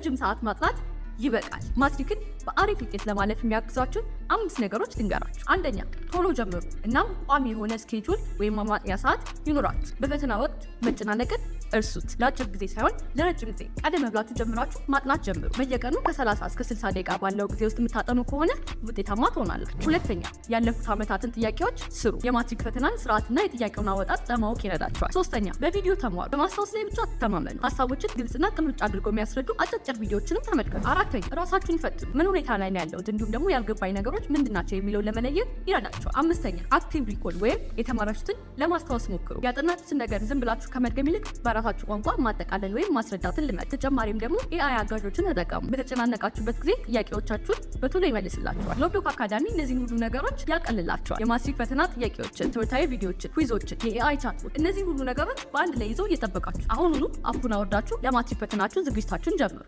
ለረጅም ሰዓት ማጥናት ይበቃል። ማትሪክን በአሪፍ ውጤት ለማለፍ የሚያግዟችሁን አምስት ነገሮች ልንገራችሁ። አንደኛ፣ ቶሎ ጀምሩ። እናም ቋሚ የሆነ ስኬጁል ወይም ማጥኛ ሰዓት ይኑራችሁ። በፈተና ወቅት መጨናነቅን እርሱት። ለአጭር ጊዜ ሳይሆን ለረጅም ጊዜ ቀደም ብላችሁ ጀምራችሁ ማጥናት ጀምሩ። በየቀኑ ከ30 እስከ 60 ደቂቃ ባለው ጊዜ ውስጥ የምታጠኑ ከሆነ ውጤታማ ትሆናላችሁ። ሁለተኛ፣ ያለፉት ዓመታትን ጥያቄዎች ስሩ። የማትሪክ ፈተናን ስርዓትና የጥያቄውን አወጣት ለማወቅ ይረዳቸዋል። ሶስተኛ፣ በቪዲዮ ተማሩ። በማስታወስ ላይ ብቻ ተማመኑ ሀሳቦችን ግልጽና ቅምርጭ አድርገው የሚያስረዱ አጫጭር ቪዲዮዎችንም ተመልከቱ። አራት ሁለተኛ ራሳችሁን ይፈትኑ። ምን ሁኔታ ላይ ነው ያለሁት እንዲሁም ደግሞ ያልገባኝ ነገሮች ምንድን ናቸው የሚለውን ለመለየት ይረዳቸዋል። አምስተኛ አክቲቭ ሪኮል ወይም የተማራችሁትን ለማስታወስ ሞክሩ። ያጠናችሁትን ነገር ዝም ብላችሁ ከመድገም ይልቅ በራሳችሁ ቋንቋ ማጠቃለል ወይም ማስረዳትን ልመድ። ተጨማሪም ደግሞ ኤአይ አጋዦችን ተጠቀሙ። በተጨናነቃችሁበት ጊዜ ጥያቄዎቻችሁን በቶሎ ይመልስላችኋል። ሎብዶክ አካዳሚ እነዚህን ሁሉ ነገሮች ያቀልላቸዋል። የማትሪክ ፈተና ጥያቄዎችን፣ ትምህርታዊ ቪዲዮዎችን፣ ኩዞችን፣ የኤአይ ቻትቦት፣ እነዚህን ሁሉ ነገሮች በአንድ ላይ ይዘው እየጠበቃችሁ አሁኑኑ አፑን አወርዳችሁ ለማትሪክ ፈተናችሁ ዝግጅታችሁን ጀምሩ።